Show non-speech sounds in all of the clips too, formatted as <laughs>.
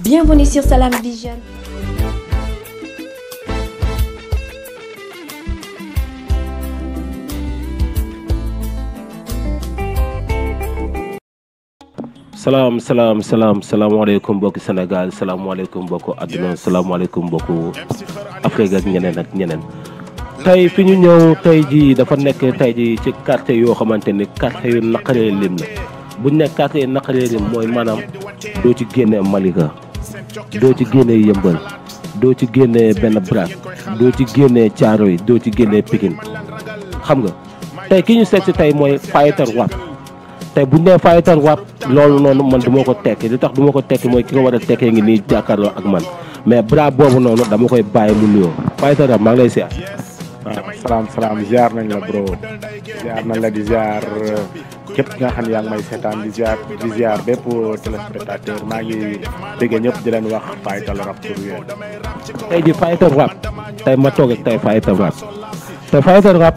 Bienvenue sur Salam Vision. salaam salaam salaam salaamaaleykum mbokki Sénégal salaamaaleykum mbokki àdduna salaamaaleykum mbokki Afrique ak ñeneen ak ñeneen. tey fi ñu ñëw tey jii dafa nekk tey jii ci quartier yoo xamante ni quartier yu naqaree lim la bu nekk quartier yu naqaree mooy maanaam doo ci génne Malika. doo ci génnee yëmbal doo ci génnee benn braque doo ci génnee caaro yi doo ci génnee pikin xam nga tey ki ñu seet si tey mooy fayatar wàpp tey bu ñu nee fayatar wàpp loolu noonu man du ma ko tekki li tax du ma ko tekki mooy ki ko war a tekkee ngi nii jàkkaarloo ak man mais bras boobu noonu dama koy bàyyi mu nuyoo fayatar a maa ngi lay siyaar. waaw ah, salaam salaam ziar nañ la bro ziar nañ la di euh, képp nga xam ne yaa ngi may seetaan di ziar di ziar bépp téléspectateur maa ngi déggee ñëpp di leen wax Fayetal Rap pour yéen. tey ji ma toog ak tey Fayetal Rap te Fayetal Rap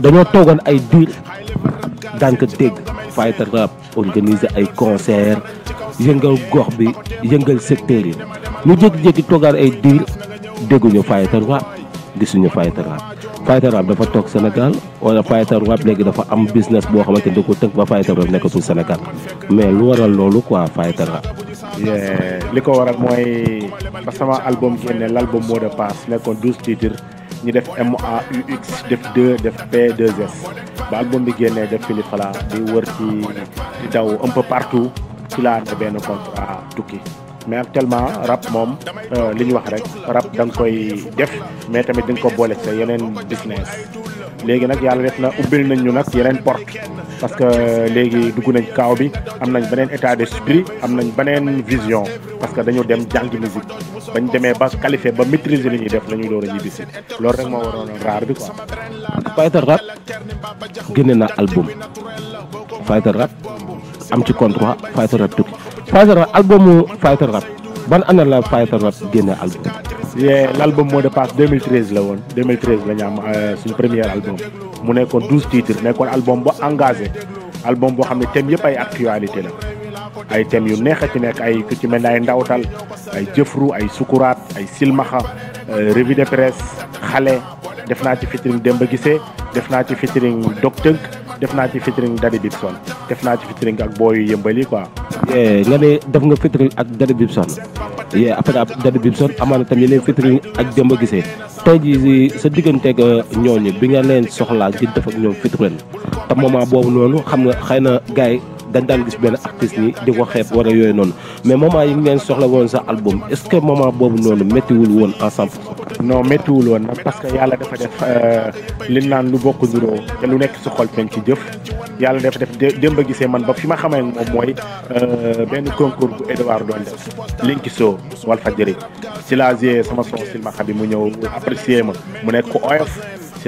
dañoo toogoon ay diir daan ko dégg Fayetal Rap organiser ay concert yëngal gox bi yëngal secteur yi ñu jékki-jékki toogaan ay diir dégguñu Fayetal Rap. gisuñu fighter rap fighter rap dafa toog senegal wala fighter rap léegi dafa am business boo xamante ni da ko tënk ba fighter rap nekkatul Sénégal mais lu waral loolu quoi fighter rap. li ko waral mooy ba sama album génne l' album mot de passe nekkoon douze titres ñu def M U X def 2 def P 2 S ba album bi génnee def Philippe Fala di wër ci di daw un peu partout ci laa ne benn contrat tukki. mais actuellement rap moom euh, li ñu wax rek rap da koy def mais tamit di nga ko boole sa yeneen business léegi nag yàlla def na ubbil nañ ñu nag yeneen porte parce que euh, léegi dugg nañ kaaw bi am nañ beneen état d'esprit am nañ beneen vision parce que dañoo dem jàngi musique bañ demee ba qualifié ba maîtriser li ñuy def la ñuy door a ñibbisi loolu rek moo waroon raar bi quoi. Fighter Rap génne na album Fighter Rap am ci contrat Fighter Rap Fighter Rap albumu Fighter Rap ban année la Fighter Rap génne album. yee l' album mot de passe 2013 la woon 2013 la ñu am euh, suñu premier album mu nekkoon 12 titres nekkoon album bu engagé album boo xam ne thème yëpp ay actualité la ay thèmes yu neex a ci nekk ay ku ci mel ne ay ndawtal ay jëfru ay sukuraat ay silmaxa euh, revue de presse xale def naa ci featuring Demba Gisee def naa ci featuring Dog def naa ci featuring Daddy Bibson def naa ci featuring ak booyu yëmbali quoi. Eh, nga ne def nga featuring ak Daddy Bibson yee après Daddy Bibson amaana tam yeneen featuring ak Demba Guissé tey jii sa digganteeg euh, ñooñu bi nga leen soxlaa di def ak ñoom featuring te moment boobu noonu xam nga xëy na gars dañ daan gis benn artiste ni di ko xeeb war a yooyu noonu mais moment yi ngeen soxla woon sa album est ce que moment boobu noonu méttiwul woon en cent pour cent non méttiwul woon nag parce que yàlla dafa def euh, li naan lu bokk niroo te lu nekk si xol feeñ ci jëf yàlla dafa def démb gisee man ba fi ma xamee moom mooy euh, benn concours bu Edouard doon def linki soo Walfadjri si laa sama son silmaxa bi mu ñëw apprécier ma mu nekk ko oyof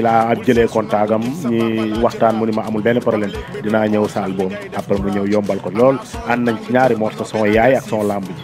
ci laa jëlee contact am ñi waxtaan mu ni ma amul benn problème dinaa ñëw saal boobu après mu ñëw yombal ko lool ànd nañ ci ñaari morceau son yaay ak son lamb ji.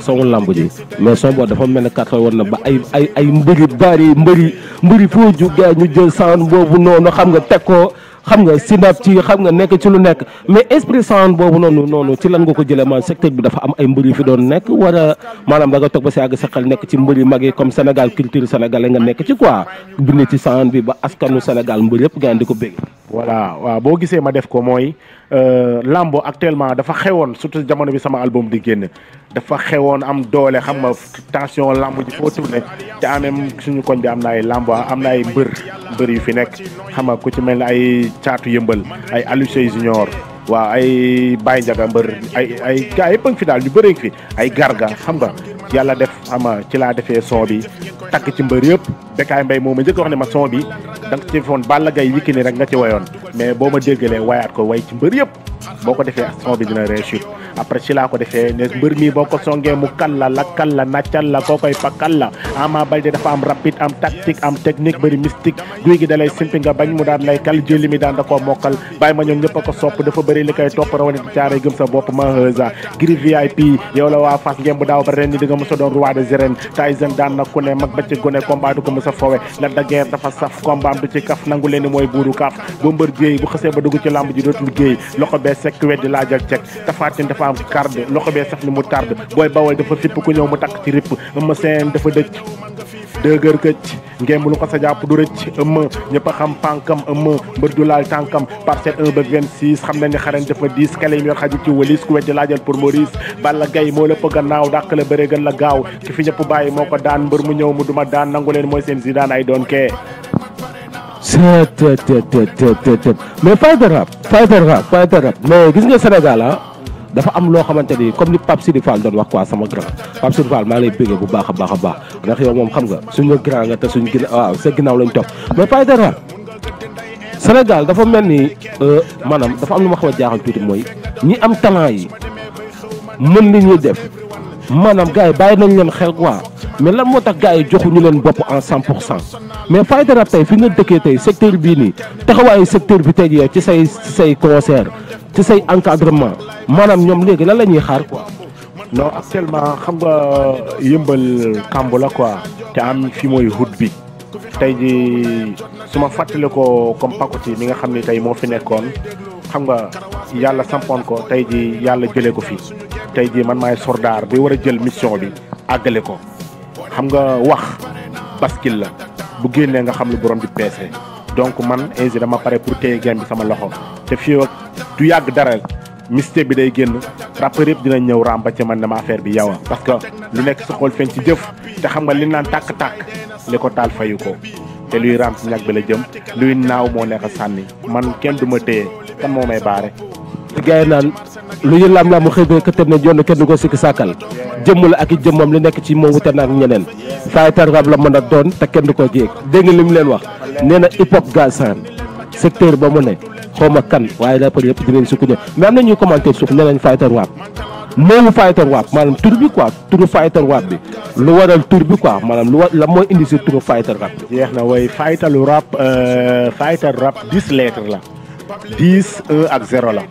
son lamb ji mais son boobu dafa mel ne na ba ay ay ay mbëri bari mbëri mbëri foo ju gars ñu jël saan boobu noonu xam nga teg ko. xam nga sinap ci xam nga nekk ci lu nekk mais esprit sant boobu noonu noonu ci lan nga ko jëlee ma secteur bi dafa am ay mbër yu fi doon nekk war a maanaam da nga toog ba si àgg sa nekk ci mbër yu mag yi comme Sénégal culture sénégalais nga nekk ci quoi bind ci sant bi ba askanu Sénégal mbër yëpp gën di ko bëgg. voilà waa boo gisee ma def ko mooy euh, lambo actuellement dafa xewoon surtout jamono bi sama album di génn dafa xewoon am doole xam nga tension lamb ji foo tourné te en même suñu koñ bi am na ay lamb am na ay mbër mbër yu fi nekk xam nga ku ci mel ne ay caatu yëmbal ay Aliou Seye junior waaw ay baay Ndiaga mbër ay ay gars yëpp a ngi fi daal ñu bëree ngi fi ay garga xam nga yàlla def ama ci laa defee son bi takk ci mbër yëpp Bécaye Mbaye moo ma njëkk wax ne ma son bi da nga ci defoon Balla Gaye rek nga ci wayoon mais boo ma déggalee wayaat ko way ci mbër yëpp boo ko defee son bi dina réussir après ci laa ko defee ne mbër mi boo ko songee mu kal la lakkal la naccal la koo koy pakkal la Ama Baldé dafa am rapide am tactique am technique bëri mystique guy gi dalay simpi nga bañ mu daan lay kal jëli mi daan da koo mokkal bàyyi ma ñoom ñëpp sopp dafa bëri li topp rawani di caaray bopp ma heusa giri VIP yow la waa Fass ngeen bu daaw ba ren ni di nga doon roi des arènes Tyson daan na ku ne ba ci gone combat du ko mos a fowe la daguerre dafa saf mooy buuru kaaf faam cardé loxo bee saf ni mu tardé booy bawal dafa sipp ku ñëw mu takk ci ripp ma seen dafa dëj dëgër këcc ngemb lu ko sa jàpp du rëcc ëmm a xam pànkam ëmm mbër du laal tànkam parcelle 1 ba 26 xam na ni xaren dafa diis kale yi mu yor xaju ci walis ku weddi laajal pour Maurice Balla Gaye moo lépp gannaaw dàq la bëre gën la gaaw ki fi ñëpp bàyyi moo ko daan mbër mu ñëw mu duma daan nangu leen mooy seen Zidane ay doon kee mais fighter rap fighter rap mais gis nga ah. dafa am loo xamante ni comme ni Pape Sidi doon wax quoi sama grand Pape Sidi Fall maa ngi lay bëggee bu baax a baax a baax ndax yow moom xam nga suñu grand nga te suñu ginnaaw waaw sa ginnaaw lañ topp mais Pape Aïdara Sénégal dafa mel ni euh, maanaam dafa am lu ma xaw a jaaxal tuuti mooy ñi am talent yi mën li ñuy def. maanaam gars yi bàyyi nañ leen xel quoi mais lan moo tax gars yi joxuñu leen bopp en 100 pour cent mais Fayda Rap fi nga dëkkee tey secteur bii nii taxawaayu secteur bi tey yow ci say ci say concert ci say encadrement maanaam ñoom léegi lan la ñuy xaar quoi. non actuellement xam nga yëmbal kàmb la quoi te am fi mooy hut bi tey ji su ma fàttale ko comme Pacotille mi nga xam ni tey moo fi nekkoon xam nga yàlla sampoon ko tey ji yàlla jëlee ko fii tey jii man maay sordaar bi war a jël mission bi àggale ko xam nga wax bascule la bu génnee nga xam lu borom di peese donc man Inzi dama pare pour téye game bi sama loxo te fii du yàgg dara mystique bi day génn rappeur yëpp dina ñëw ràmba ci man dama affaire bi yow a parce que lu nekk sa xol feeñ ci jëf te xam nga li naan tàkk-tàkk li ko taal fayu ko te luy ràmb ci ñag bi la jëm luy naaw moo nekk sànni man kenn du ma téye kan moo may baare gars yi naan lu ñu xëy na këtëm ne yoon kenn du ko sikki sàkkal jëmm la ak i jëmmam li nekk ci moom wute na ak ñeneen fighter rap la mën a doon te kenn du ko jéeg dégg nga li mu leen wax nee na hip hop gasan secteur ba mu ne xaw ma kan waaye la për yëpp dinañ sukk ñëw mais am na ñuy commenté suuf nee nañ fighter rap moomu fighter rap maanaam tur bi quoi turu fighter rap bi lu waral tur bi quoi maanaam lu war la mooy indi si turu fighter rap. jeex na way fighter rap fighter rap dix lettres la. dix un ak zéro la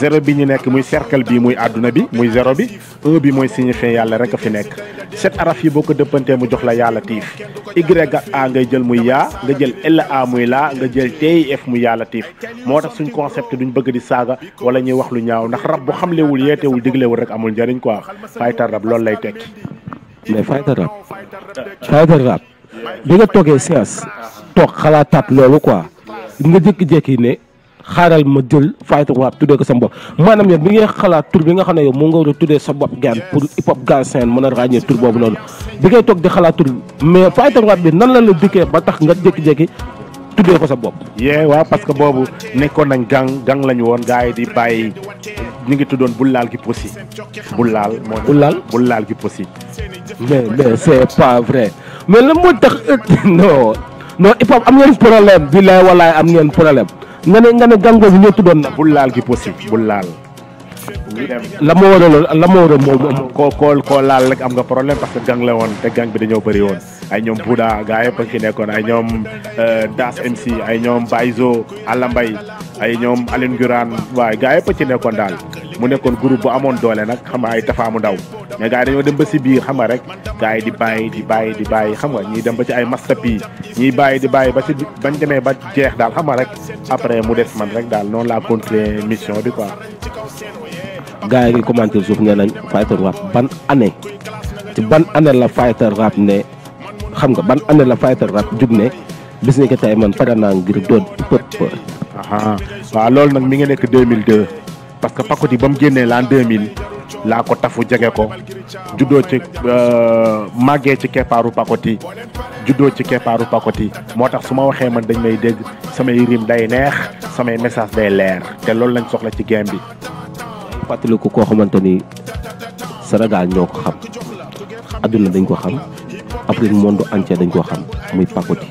zéro bi ñu nekk muy serkel bi muy àdduna bi muy zéro bi un bi mooy signifie yàlla rek a fi nekk sept araf yi boo ko dëppantee mu jox la yàlla tiif y ak a ngay jël muy yaa nga jël l a muy la nga jël tf muy yàlla tiif moo tax suñ concept duñ bëgg di saaga wala ñuy wax lu ñaaw ndax rab bu xamlewul yeetewul diglewul rek amul njëriñ quoi faytal rab loolu lay tekki mais faytal rab bi nga toogee séance toog xalaataat loolu quoi xaaral ma jël fighting rap tuddee ko sama bopp maanaam yow bi ngay xalaat tur bi nga xam ne yow mu nga war a tuddee sa bopp gaan pour hip hop gaan seen mën a ràññee tur boobu noonu bi ngay toog di xalaat tur nan la la dikkee ba tax nga jékki-jékki tuddee ko sa bopp yee waaw parce que boobu nekkoon nañ gang gang lañu woon gars yi di bàyyi ñu ngi tuddoon bul laal gi posi bul laal moo bul laal bul laal gi posi mais mais c'est pas vrai mais lan moo tax non non hip hop am ngeen problème bi lay walaay am ngeen problème nga ne nga ne gàngoor bi ñoo tuddoon na. bul laal gi possible bul laal la ma war a la a moom koo koo koo laal rek am nga problème parce que gang la woon te gang bi dañoo bëri woon ay ñoom Bouda gaa yëpp a nekkoon ay ñoom euh, Das MC ay ñoom Bayzo Alla Mbaye ay ñoom Aline Guraan waaye gaa yëpp a ci nekkoon daal mu nekkoon groupe bu amoon doole nag xam nga ay tafaamu ndaw gaa yi dañoo dem ba si biir xam nga rek gaa yi di bàyyi di bàyyi di xam nga ñii dem ba ci ay mastapi ñii bàyyi di bàyyi ba si bañ demee ba jeex daal xam nga rek après mu des man rek daal noonu laa continuer bi quoi gars yi ngi commenté suuf ne nañ fighter rap ban année ci ban année la fighter rap ne xam nga ban année la fighter rap jug ne bis ni ko tey man pare naa ngir doon pët pët. waaw loolu nag mi ngi nekk 2002 parce que Pacotille ba mu génnee l'an 2000 laa ko tafu jege ko juddoo ci euh, màggee ci keppaaru Pacotille juddoo ci keppaaru Pacotille moo tax su ma waxee man dañ may dégg samay rim day neex samay message day leer te loolu lañ soxla ci game bi. fàttaliku koo xamante ni Sénégal ñoo ko xam adduna dañ koo xam Afrique monde entier dañ koo xam muy Pacoti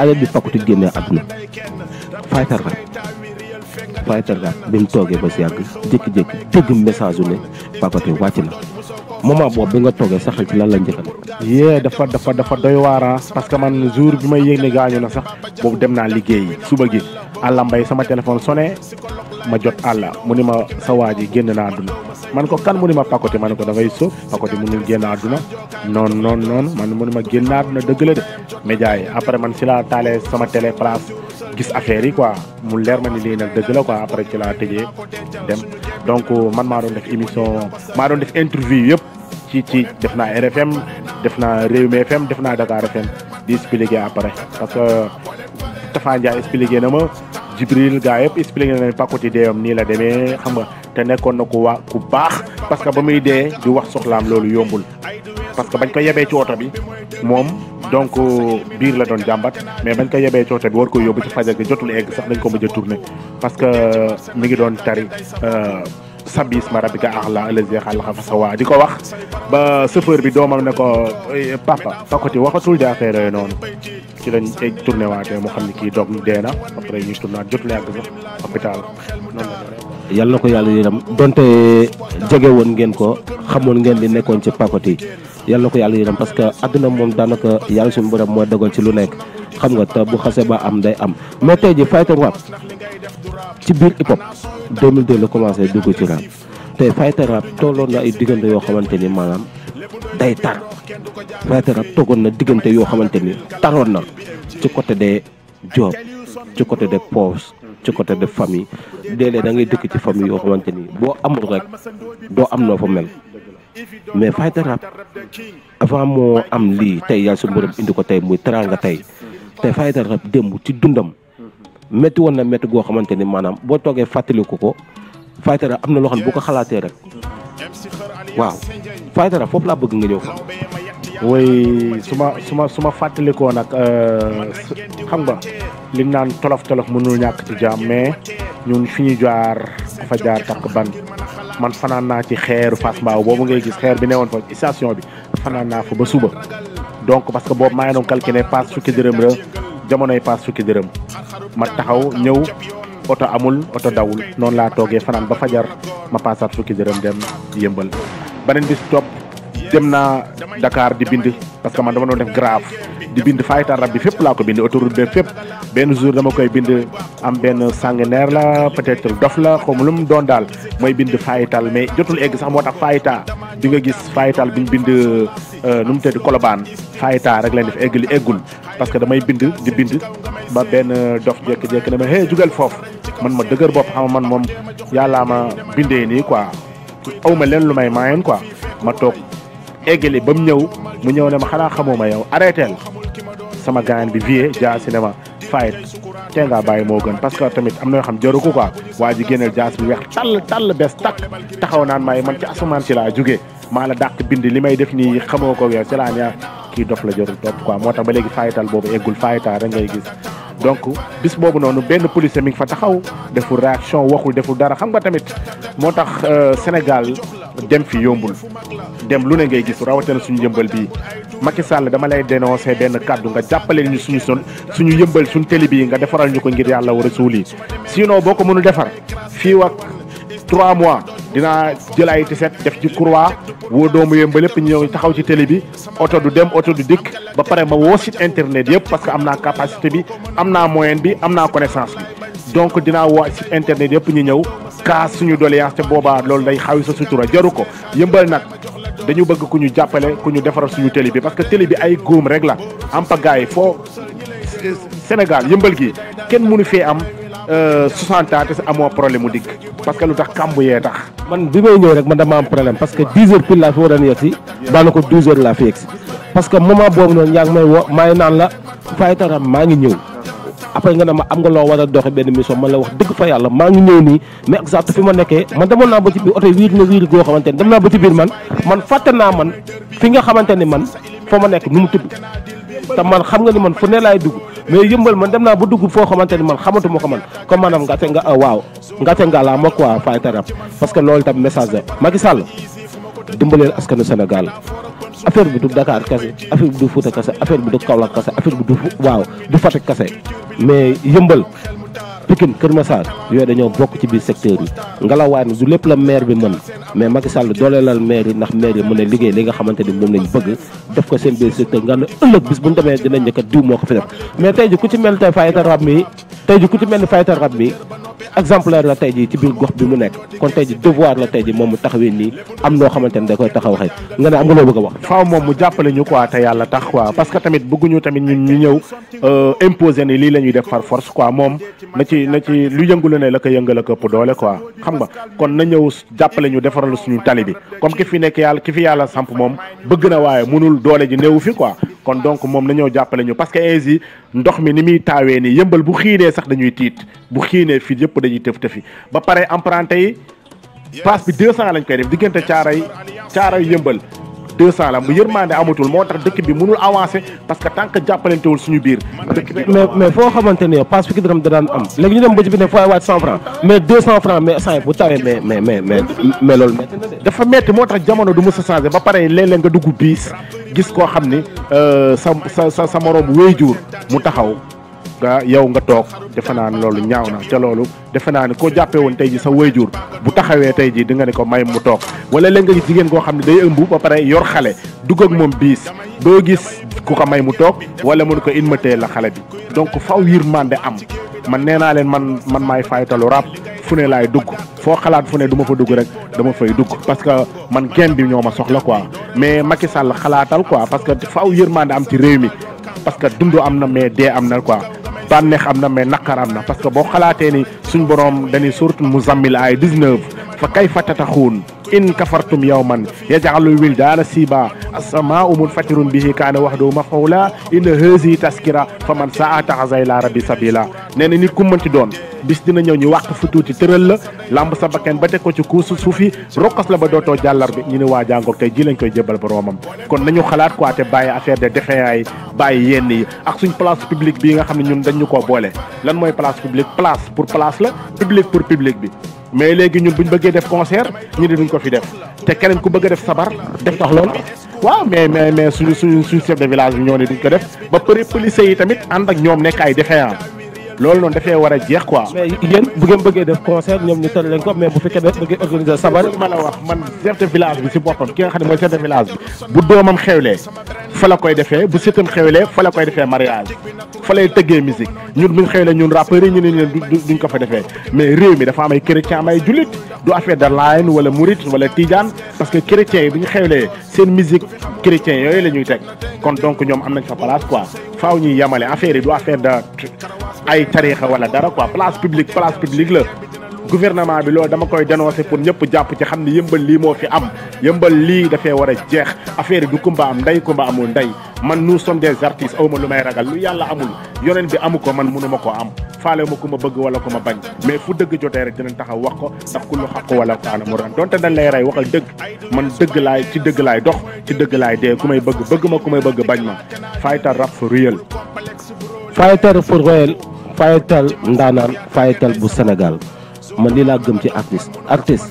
année bi Pacoti génnee adduna fighter rap fighter rap bi mu toogee ba si yàgg jékki-jékki dégg message yu ne Pacoti wàcc na moment boobu bi nga toogee sa xel ci lan la njëkk a yee dafa dafa dafa doy waaraa ah. parce que man jour bi may yëg ne gaañu na sax boobu dem naa liggéeyi suba gi àlla mbay sama téléphone sonné ma jot àlla mu ni ma sa waa ji génn na àdduna man ko kan mu ni ma pakoti ma ne ko dafay sóob pakoti munul génn àdduna noonu noonu noonu man mu ni ma génn na àdduna dëgg la de média yi après man ci laa taalee sama télé place gis affaire yi quoi mu leer ma ni lii nag dëgg la quoi après ci laa tëjee dem donc man maa doon def émission maa doon def interview yëpp ci ci def naa def naa Rewmi FM def naa Dakar FM di expliquer après parce que Tafa Jibril gaa yëpp expliqué nañu pàkkati deewam nii la demee xam nga te nekkoon na ku waa ku baax parce que ba muy dee di wax soxlaam loolu yombul parce que bañ ko yebee ci bi moom donc biir la doon jàmbat mais bañ koy yebee ci bi war ko yóbbu ci fajar gi jotul egg sax dañ ko ba a tourné parce que euh, mi ngi doon tari. Euh, sabbi isma rabbika a'la allazi xalaqa sa sawwa di ko wax ba chauffeur bi doomam ne ko eh, papa pakoti waxatul di affaire yooyu noonu ci lañ tourné waatee mu xam ne kii doom dee na après ñu tourné waat yàgg sax hôpital yal na ko yàlla yërëm donte jege woon ngeen ko xamoon ngeen di nekkoon ci pakoti yal na ko yàlla yërëm parce que àdduna moom daanaka yàlla suñu borom moo dogal ci lu nekk. xam nga te bu xase ba am day am mais tey ji Fayta rap ci biir hip hop 2002 la commencé dugg ci rap tey Fayta rap tolloon na ay diggante yoo xamante ni maanaam day tar Fayta rap toogoon na diggante yoo xamante ni taroon na ci côté de job ci côté des poches ci côté de famille léeg-léeg da ngay dëkk ci famille yoo xamante ni boo amul rek doo am noo fa mel mais Fayta rap avant moo am lii tey yàlla su mbërëm indi ko tey muy teraanga tey te Fayital Rap démb ci dundam. métti mm-hmm. woon na métti goo xamante ni maanaam boo toogee fàttaliku ko Fayital Rap am na loo xam ne bu ko xalaatee rek. waaw Fayital Rap foofu laa bëgg nga ñëw fa. woy suma ma su ma su ma fàttalikoo euh, xam nga li naan tolof tolof mënul ñàkk ci jaam mais ñun fi ñu jaar fa jaar takk ban man fanaan naa ci xeeru Fass Mbao boobu ngay gis xeer bi newoon fa station bi fanaan naa fa ba suba. donc parce que boobu maa ngi doon calculé paas fukki dërëm la jamonoy paas fukki dërëm ma taxaw ñëw oto amul oto dawul noonu laa toogee fanaan ba fajar ma paasaat fukki dërëm dem yëmbal beneen bis topp dem na dakaar di bind parce que ma dama doon def grave di bind fayta rab bi fépp laa ko bind autoroute bi fépp benn jour dama koy bind am benn sanguinaire la peut-être dof la comme lu mu doon daal mooy bind fayital mais jotul egg sax moo tax fayta bi nga gis fayital bi ñu bind euh, nu mu tëdd kolobaan fayta rek leen def egg li eggul parce que damay bind di bind ba benn euh, dof jékki-jékki ne ma hey jugal foofu man ma dëgër bop xam man moom yàllaa ma bindee nii quoi aw ma leen lu may maayeen quoi ma eggali ba mu ñëw mu ñëw ne ma xanaa xamoo ma yow arrêté sama gaañ bi vie Dia cinéma fight tey ngaa bàyyi moo gën parce que tamit am na yoo xam jaru ko quoi waa ji génneel jaas bi weex tàll tàll bes takk taxaw naan may man ci asamaan ci laa jugee maa la dàq bind li may def nii xamoo ko yow ci laa ñaar kii dof la jarul topp quoi moo tax ba léegi fayital boobu eggul fayital rek ngay gis donc bis boobu noonu benn policier mi ngi fa taxaw deful réaction waxul deful dara xam nga tamit moo tax euh, Sénégal dem fi yombul dem lu ne ngay gis rawatina suñu yëmbal bii Macky Sall dama lay dénoncer benn kàddu nga jàppale ñu suñu son suñu yëmbal suñu télé bii nga defaral ñu ko ngir yàlla war a suul yi sinon boo ko mënul defar fii ak 3 mois. dinaa jël ay tiset def ci croix woo doomu yem ba lépp ñëw taxaw ci télé bi oto du dem auto du dikk ba pare ma woo site internet yëpp parce que am naa capacité bi am naa moyen bi am naa connaissance bi donc dinaa woo site internet yëpp ñu ñëw kaas suñu doléance te boobaa loolu day xawi sa sutura jaru ko yëmbal nag dañu bëgg ku ñu jàppale ku ñu defaral suñu télé bi parce que télé bi ay góom rek la am pagaay foo Sénégal yëmbal gi kenn mënu fee am 60 ans te amoo problème mu dikk parce que lu tax kàmb yee tax. man bi may ñëw rek man dama am problème parce que 10 heures pile laa fi war a yegg si. daanaka 12 heures laa fi yegg si. parce que moment boobu noonu yaa may may naan la fay taram maa ngi ñëw. après nga ne ma am nga loo war a doxe benn mission man la wax dëgg fa yàlla maa ngi ñëw nii mais exact fi ma nekkee man demoon naa ba ci biir oto wiir na wiir goo xamante dem naa ba ci mais yëmbal man dem naa ba dugg foo xamante ni man xamatu ma ko man comme maanaam ngate nga ah, waaw ngate nga laa ma quoi fay tarab parce que loolu tam message la Macky Sall dimbaleel askanu Sénégal affaire bi du Dakar kase affaire bi du Fouta kase affaire bi du Kaolack kase affaire bi du waaw du Fatick kase mais yëmbal Pikine Kër Massar yooyu dañoo bokk ci biir secteur yi ngelawaay du lépp la maire bi mën mais Macky Sall dooleelal maire yi ndax maire yi mën a liggéey li nga xamante ni moom lañ bëgg def ko seen biir secteur nga ne ëllëg bis bu ñu a wax faaw moom mu jàppale ñu quoi tamit bëgguñu ñëw euh, imposer ni lii la ñuy def kon na ñëw jàppale ñu defar defaral suñu tali bi comme ki fi nekk yàlla ki fi yàlla samp moom bëgg na waaye mënul doole ji néewu fi quoi kon donc moom nañoo jàppale ñu parce que ainsi ndox mi ni muy taawee nii yëmbal bu xiinee sax dañuy tiit bu xiinee fii yëpp dañuy tëf tëfi ba pare emprunté yi place bi 200 lañ koy def diggante caaray yi yëmbal 200 la mu yërmande amatul moo tax dëkk bi mënul avancer parce que tant que jàppalantewul suñu biir. bi mais mais foo xamante ne pass fukki dërëm da daan am léegi ñu dem ba ci biir ne fooy waaj 100 francs mais 200 francs mais saa bu tawee mais mais mais dafa métti moo tax jamono du mës a changé ba pare léeg-léeg nga dugg biis gis koo xam ni euh, sa sa sa sa moroom wéy jur mu taxaw. nga yow nga toog defe naa ne loolu ñaaw na ca loolu defe naa ne koo jàppee woon tey ji sa wayjur bu taxawee tey ji di nga ne ko may mu toog wala léeg nga jigéen koo xam ne day ëmb ba pare yor xale dugg ak moom biis doo gis ku ko may mu toog wala mun ko in ma la xale bi donc faw yërmande am man nee naa leen man man maay faytalu rap fu ne laay dugg foo xalaat fu ne du ma fa dugg rek dama fay dugg parce que man genn bi ñoo ma soxla quoi mais Macky Sall xalaatal quoi parce que faw yërmande am ci réew mi parce que dund am na mais am na quoi bànneex am na mais naqar am na parce que boo xalaatee ni suñ borom dañuy sourate Muzammil ay 19 fa kayfa tataxuun in kafartum yawman yaj'alul wildaana siiba as-samaa'u munfatirun bihi kaana wahdahu maf'uula a hazihi taskira fa man saa ataxasa ila rabbi sabila nee na nit ku mënti doon bis dina ñëw ñu wàq fu tuuti tëral la lamb sa ba teg ko ci kuusu suufi rokkas la ba dootoo jàllar bi ñu ne waa jàngoog tey ji lañ koy jëbal boroomam kon nañu xalaat quoi te bàyyi affaire de défaillants yi bàyyi yenn yi ak suñ place publique bii nga xam ne ñun dañ ñu koo boole lan mooy place publique place pour place la public pour bi mais léegi ñun bu ñu bëggee def concert ñu ne duñ ko fi def te keneen ku bëgg def sabar def tax loolu waaw mais mais mais suñu suñu suñu chef de village bi ñoo duñ ko def ba përi police yi tamit ànd ak ñoom nekk ay défaillant loolu noonu dafee war a jeex quoi. mais yéen bu bëggee def concert ñoom ñu tëral leen mais bu fekkee def bëggee organiser sabar. ma wax man chef de village bi si boppam ki nga xam ne village bi bu doomam xewlee fa la koy defee bu sëtam xewlee fa la koy defee mariage fa lay tëggee musique ñun bu ñu ko fa defee mais réew mi dafa am ay chrétien am ay jullit du affaire de laayeen wala murit wala tijaan parce que chrétiens yi bu ñu xewlee seen musique chrétien yooyu la ñuy teg kon donc ñoom am nañ fa place quoi faaw ay tariixa wala dara quoi place publique place publique la gouvernement bi loolu dama koy dénoncer pour ñëpp jàpp ci xam ne yëmbal lii moo fi am yëmbal lii dafee war a jeex affaire du kumba am ndey kumba amul ndey man nous sommes des artistes awma lu may ragal lu yàlla amul yoneen bi amu ko man mënuma ko am faale ma ku ma bëgg wala ku ma bañ mais fu dëgg jotee rek dinañ taxaw wax ko ndax ku lu xaq wala kaana mu ran donte dañ lay rey waxal dëgg man dëgg laay ci dëgg laay dox ci dëgg laay dee ku may bëgg bëgg ma ku may bëgg bañ ma fighter rap for real fighter for real fayetal ndaanaan fayetal bu Sénégal man lii laa gëm ci artiste artiste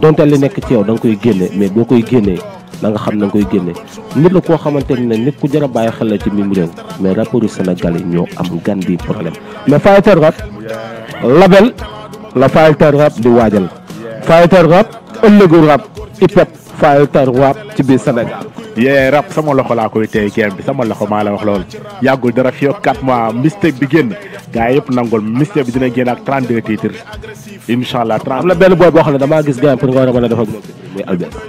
donte li nekk ci yow da nga koy génne mais boo koy génnee da nga xam na nga koy génne nit la koo xamante na nit ku jar a bàyyi xel la ci mim réew mais rapportu Sénégal yi ñoo am gan bi problème mais fayetal rap label la fayetal rap di waajal fayetal rap ëllëgu rap IPEP fayetal rap ci biir Sénégal yee rab sama loxo laa koy tey game bi sama loxo maa la wax loolu yàggul dara fii ak 4 mistake bi génn gars yëpp nangul mistake bi dina génn ak 32 titres incha allah. benn booy boo xam ne damaa gis game pour nga war a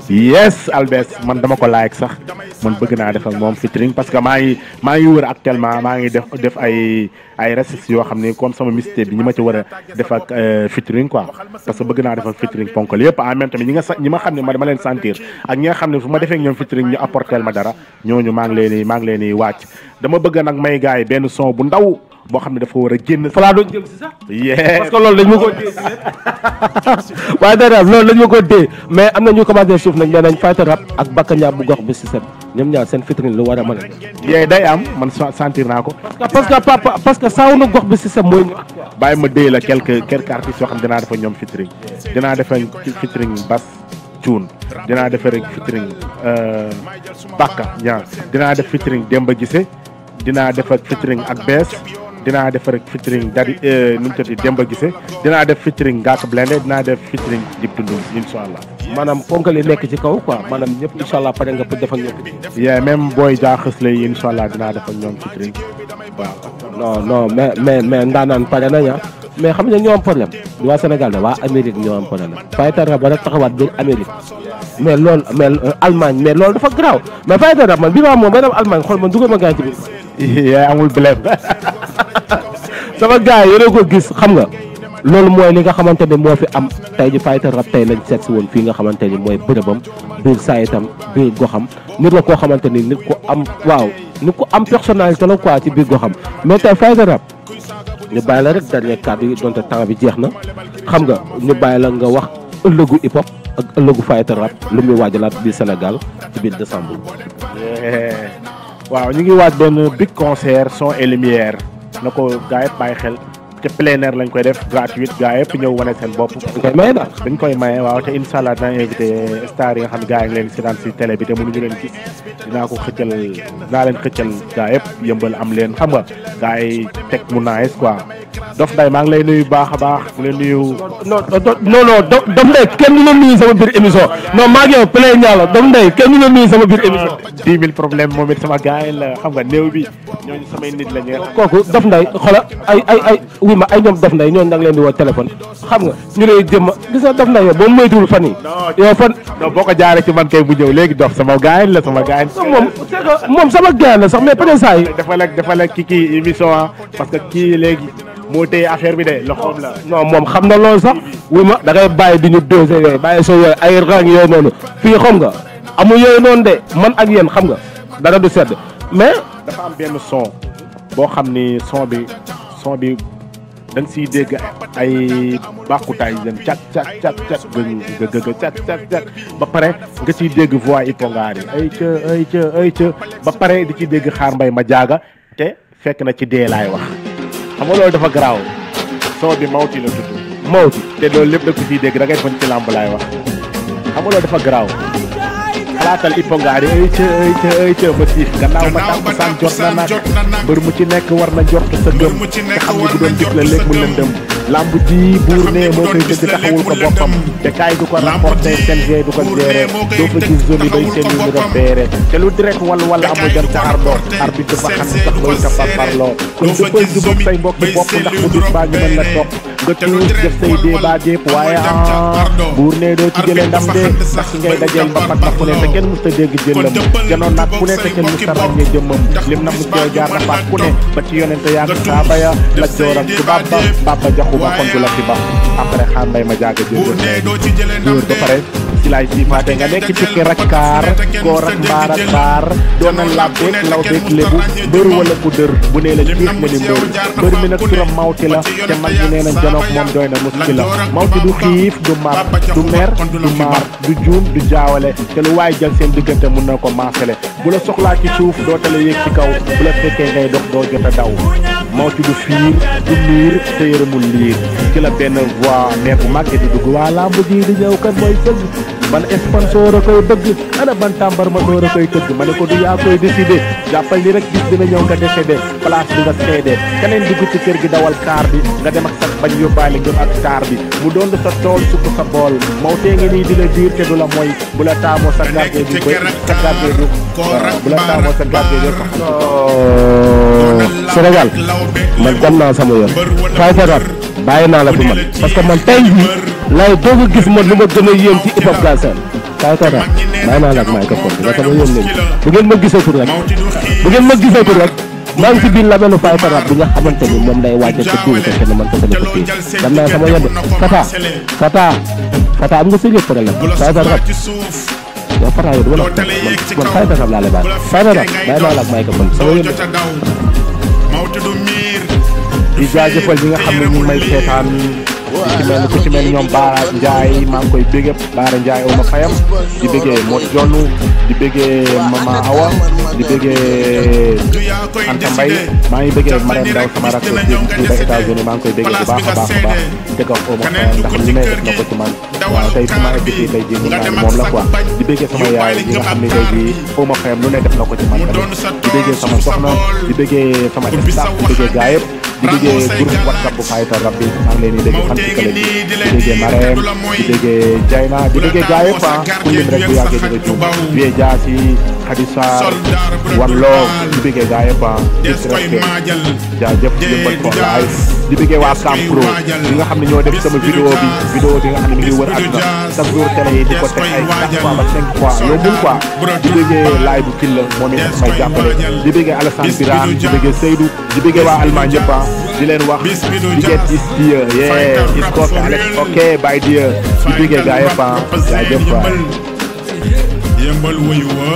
mën a def man dama ko laaj sax. man bëgg naa def ak moom featuring parce que maa ngi maa ngi wër actuellement maa ngi def def ay ay yoo xam ne comme sama mixtape bi ñi ma ci war a def ak euh, featuring quoi parce que bëgg naa def ak featuring ponkal yëpp en même temps ñi nga ñi ma xam ne ma leen sentir ak ñi nga xam ne fu ma defee ñoom featuring ñu apporteel ma dara ñooñu maa ngi leen di maa leen di wàcc dama bëgg nag may gaay benn son bu ndaw boo xam ne dafa war a génn. fa laa doon jëm si sax. parce que loolu dañ ma koo téye <laughs> waaye dara loolu dañ ma koo téye mais am na ñu commencé suuf nag nee nañ fighter rap ak bakka Ndiaye bu gox bu système ñoom ñaar seen vitrine lu war a mën a. yee day am man sentir naa ko. parce que parce parce que saawu na gox bi si système mooy. bàyyi ma déy la quelques quelques artistes yoo xam dinaa defa ñoom featuring dinaa defa featuring Bass Thioune dinaa defa rek featuring euh, Baka Ndiaye dinaa def featuring Demba gise dinaa defa featuring ak Bees. dinaa def rek featuring Dadi euh, nu mu tëddee Demba Gise dinaa def featuring Ngaaka Blindé dinaa def featuring Dip Doundou incha allah. maanaam ponk li nekk ci kaw quoi maanaam ñëpp incha allah pare nga pour def ak ñëpp. yee même booy jaaxas lay ñoom featuring waaw. mais mais pare nañ ah. mais xam nga problème du waa Sénégal de waa Amérique ñoo problème Faye ba rek taxawaat Amérique. mais loolu mais euh, Allemagne mais loolu dafa garaaw mais Faye Tarab man bii ma moom ba dem Allemagne xool man dugal ma gaañ ci yaa amul blème <laughs> sama gars yi yéen ko gis xam nga loolu mooy li nga xamante ni moo fi am tey ji Fighter Rap tey lañ seet si woon fii nga xamante ni mooy bërëbam biir sayitam biir goxam nit la koo xamante ni nit ku am waaw nit ku am personnalité la quoi ci biir goxam mais tey Fighter Rap ñu bàyyi la rek dernier kàddu yi donte temps bi jeex na xam nga ñu bàyyi la nga wax ëllëgu hip hop ak ëllëgu Fighter Rap lu muy waajalaat biir Sénégal ci biir décembre. waaw ñu ngi waaj benn big concert son et lumière na ko gaa yëpp bàyyi xel te plein air koy def gratuite gaa yëpp ñëw wane seen bopp. dañ koy maye daal dañ koy maye waaw te incha allah dinaa invité star yi nga xam ne gaa yi ngi leen seetaan si télé bi te mënuñu leen gis dinaa ko xëccal leen xëccal gaa yëpp yëmbal am leen xam nga gaa yi teg mu nice quoi. Dof Nday maa ngi lay nuyu baax baax di la nuyu. non non non Dof Nday kenn du la nuyu sama biir émission non maa ngi yow Pelé Dof Nday kenn du la sama biir émission. 10 problème moom it sama gars la xam nga néew bi ñooñu samay la kooku Dof Nday xoola ay ay ay wuy ma ay ñoom Dof Nday ñooñu da nga leen di xam nga ñu lay jëmma gis nga Dof ko jaaree man kay bu ñëw léegi Dof sama gars la sama gars. sama gars la sax mais peut-être dafa la dafa la ah, parce que kii léegi moo tey affaire bi de loxoom la. non moom xam na lool sax wu ma da ngay bàyyi di ñu dose yooyu bàyyi soo yooyu ay rang yooyu noonu fii xam nga amul yooyu noonu de man ak yéen xam nga dara du sedd mais. dafa am benn son boo xam ni son bi son bi da nga siy dégg ay bàqutaay jën cak cak cak cak gë gë cak cak cak ba pare nga siy dégg voix ipongaar yi ay ca ay ay ca ba pare di ci dégg xaar mbay ma jaaga te fekk na ci dee wax. xam nga loolu dafa garaaw soo bi mawti la tudd mawti te loolu lépp da ku siy dégg da ngay fan ci làmb laay wax xam nga loolu dafa garaaw xalaatal ipongaari ay ca ay ca ay ca ba tiif gannaaw ba tànk saan jot na nag mbër mu ci nekk war na jot sa gëm te xam ne bu doon jëf la léeg mu lëndëm lamb ji buur ne moo koy tëgg taxawul ko boppam te kaay du ko rapporté CNG du ko géré doo fa gis zone yi bay seen ñu doon beeree te lu direct wala a amul dem ca ardo arbitre dafa xam sax mooy ka parparloo kon dëppal jubóog say mbokki bopp ndax bu dul baa ñu mën la de tous def say débat yëpp waaye ah buur ne doo ci jëlee ndam de ndax ki ngay dajeel ba pat na ku ne te kenn musta dégg jëllam janoon naag ku ne te musta ràññee jëmmam lim na mu cee jaar na faat ku ba ci yonente yaag saaba ya la joor ak tubaab ba baba jaxuma kon du la a ba après ma jaaga jël dóor ba pare village bi faate nga nekk tukki rakkaar koor ak mbaar ak mbaar doon ak laab law beeg lébu mbër wala ku dër bu nee la ciix nga ni mbër mbër mi nag turam mawti la te mag ñi nee nañ janoog moom doy na muski la mawti du xiif du mar du mer du maar du juum du jaawale te lu waaye jël seen diggante mun na ko maasale bu la soxlaa ci suuf doo tale yéeg ci kaw bu la fekkee ngay dox doo jot a daw mawti du fiir du miir te yërëmul liir ci la benn voix neex bu màgg di dugg ban sponsor a koy bëgg ana ban tàmbar ma door a koy tëgg ma ne ko du yaa koy décidé jàppal ni rek bis dina ñëw nga décédé place bi nga seede keneen dugg ci kër gi dawal kaar bi nga dem ak sax bañ yóbbaale ngëm ak saar bi mu doon sa tool sukk sa bool maw tee ngi nii di la diir te du la mooy bu la taamoo sa gardé bi koy sa gardé bi bu la taamoo sa gardé bi ko xam oh, Sénégal man gam naa sama yoon fay fagar bàyyi naa la fi man man laay doog a gis man lu ma gën a yéem ci hip hop Galsen kaay Kota bàyyi naa la ak microphone bi parce que ma yéem leen bu ngeen ma gisatul rek bu ngeen ma gisatul rek maa ngi ci biir labelu Faye Kota bi nga xamante ni moom day wàcce te tuuti te kenn mën ko sële ko téye dem naa sama yenn Kota Kota Kota am nga sérieux problème Faye Kota yow Kota yow dama la ko man man Faye Kota laa lay baal Faye Kota bàyyi naa la ak microphone bi sama yenn di jaajëfal ñi nga xam ne ñu may seetaan ci mel ni ku ci mel ni ñoom Baara Ndiaye maa ngi koy béggee Baara Ndiaye aw ma fayam di béggee Mot Jonnu di béggee Mama Awa di béggee Anta Mbaye maa ngi béggee Marème Ndaw sama rakk ci Touba États-Unis maa ngi koy béggee bu baax a baax a baax dëgg ak aw fayam ndax li may def na ko ci man waaw tey fu ma egg fii tey jii mun naa ne moom la quoi di béggee sama yaay yi nga xam ne tey jii aw ma fayam lu ne def na ko ci man tamit di béggee sama soxna di béggee sama staff di béggee gaa yëpp di déggee groupe WhatsApp bu Fayda Rabbi maa ngi leen di dégg fan si kële bi di déggee Marème di déggee Jayna di déggee gaa yëpp ah pour rek bu yàggee dina jóg Vieux Diassi Khady Sarr Wan Lo di déggee gaa yëpp ah di respect jaajëf Yeumbeul for life di bëggee waa Sam nga xam ne ñoo def sama vidéo bi vidéo nga xam ne mi ngi wër àdduna chaque jour télé yi di ko teg ay quatre di bëggee laay bu kil la moom it daf may jàppale di bëggee Alassane Birane di bëggee Seydou di bëggee waa Allemagne ñëpp ah, di leen wax di get is dear yeah is cook Alex ok bye dear di bëggee gaa yëpp ah, jaajëf waay yëmbal wuyu wa